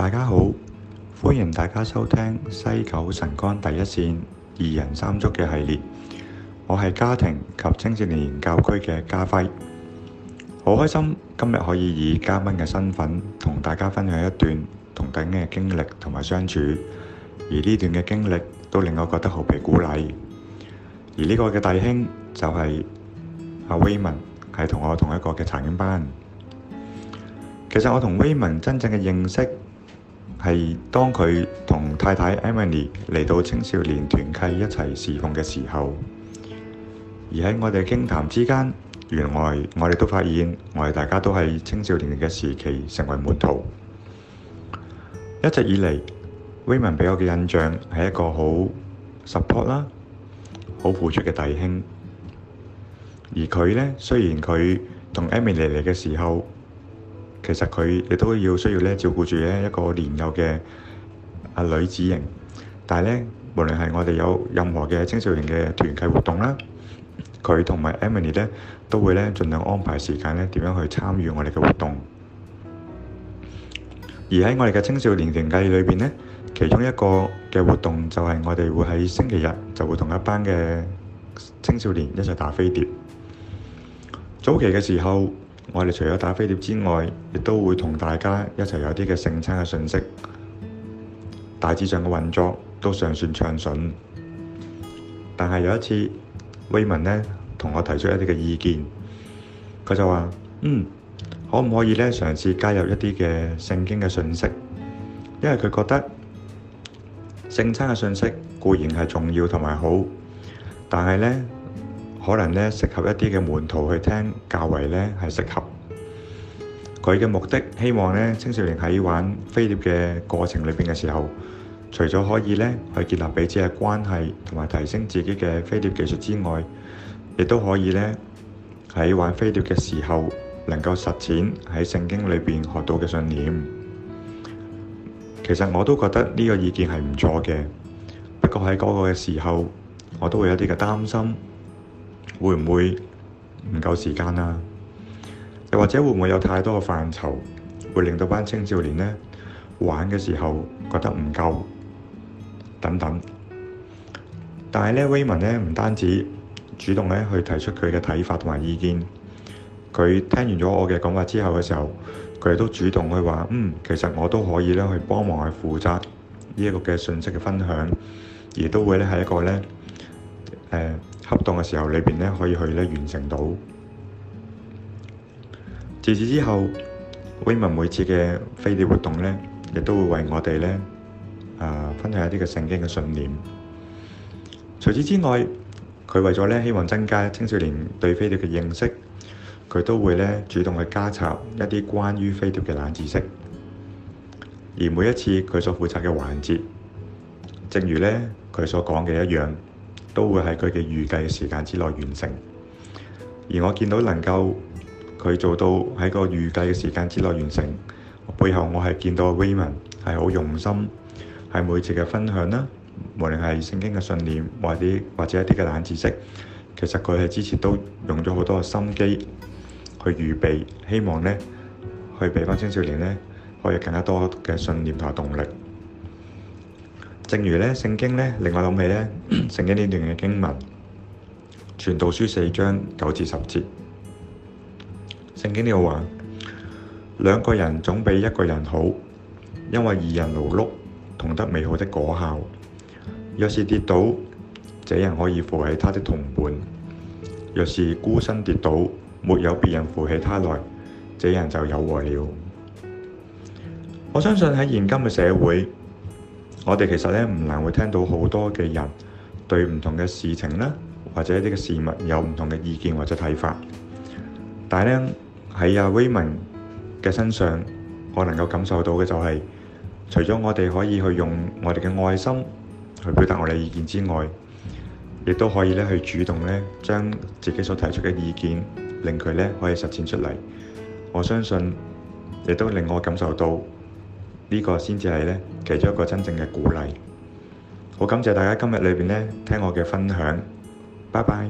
大家好，歡迎大家收聽西九神光第一線二人三足嘅系列。我係家庭及青少年研教區嘅家輝，好開心今日可以以嘉賓嘅身份同大家分享一段同等嘅經歷同埋相處，而呢段嘅經歷都令我覺得好被鼓勵。而呢個嘅弟兄就係阿威文，係同我同一個嘅查經班。其實我同威文真正嘅認識，係當佢同太太 Emily 嚟到青少年團契一齊侍奉嘅時候，而喺我哋傾談之間，原來我哋都發現，我哋大家都喺青少年嘅時期成為門徒。一直以嚟，Raymond 俾我嘅印象係一個好 support 啦，好付出嘅弟兄。而佢呢，雖然佢同 Emily 嚟嘅時候，其實佢亦都要需要咧照顧住咧一個年幼嘅阿女子型，但係咧，無論係我哋有任何嘅青少年嘅團契活動啦，佢同埋 Emily 咧都會咧盡量安排時間咧點樣去參與我哋嘅活動。而喺我哋嘅青少年團契裏邊咧，其中一個嘅活動就係我哋會喺星期日就會同一班嘅青少年一齊打飛碟。早期嘅時候。我哋除咗打飛碟之外，亦都會同大家一齊有啲嘅聖餐嘅信息。大致上嘅運作都尚算暢順，但係有一次威文呢同我提出一啲嘅意見，佢就話：嗯，可唔可以呢？嘗試加入一啲嘅聖經嘅信息？因為佢覺得聖餐嘅信息固然係重要同埋好，但係呢。可能呢，適合一啲嘅門徒去聽，較為呢，係適合佢嘅目的。希望呢青少年喺玩飛碟嘅過程裏邊嘅時候，除咗可以呢去建立彼此嘅關係，同埋提升自己嘅飛碟技術之外，亦都可以呢喺玩飛碟嘅時候能夠實踐喺聖經裏邊學到嘅信念。其實我都覺得呢個意見係唔錯嘅，不過喺嗰個嘅時候，我都會有啲嘅擔心。會唔會唔夠時間啊？又或者會唔會有太多嘅範疇，會令到班青少年呢玩嘅時候覺得唔夠等等。但係呢 Raymond 呢唔單止主動呢去提出佢嘅睇法同埋意見，佢聽完咗我嘅講話之後嘅時候，佢都主動去話：嗯，其實我都可以呢去幫忙去負責呢一個嘅信息嘅分享，而都會呢係一個呢。」誒合、呃、動嘅時候裏面呢，裏邊咧可以去咧完成到。自此之後，威文每次嘅飛碟活動咧，亦都會為我哋咧啊，分享一啲嘅聖經嘅信念。除此之外，佢為咗咧希望增加青少年對飛碟嘅認識，佢都會咧主動去加插一啲關於飛碟嘅冷知識。而每一次佢所負責嘅環節，正如咧佢所講嘅一樣。都會喺佢嘅預計時間之內完成，而我見到能夠佢做到喺個預計嘅時間之內完成，背後我係見到 Raymond 係好用心，喺每次嘅分享啦，無論係聖經嘅信念或者或者一啲嘅冷知識，其實佢喺之前都用咗好多嘅心機去預備，希望呢去俾翻青少年呢，可以有更加多嘅信念同埋動力。正如呢聖經呢，令我諗起呢聖經呢段嘅經文，傳道書四章九至十節，聖經呢度話：兩個人總比一個人好，因為二人勞碌同得美好的果效。若是跌倒，這人可以扶起他的同伴；若是孤身跌倒，沒有別人扶起他來，這人就有禍了。我相信喺現今嘅社會。我哋其實呢，唔難會聽到好多嘅人對唔同嘅事情呢，或者一啲嘅事物有唔同嘅意見或者睇法。但係呢，喺阿威文嘅身上，我能夠感受到嘅就係、是，除咗我哋可以去用我哋嘅愛心去表達我哋嘅意見之外，亦都可以呢去主動呢將自己所提出嘅意見，令佢呢可以實踐出嚟。我相信亦都令我感受到。呢個先至係呢其中一個真正嘅鼓勵。好感謝大家今日裏面呢聽我嘅分享。拜拜。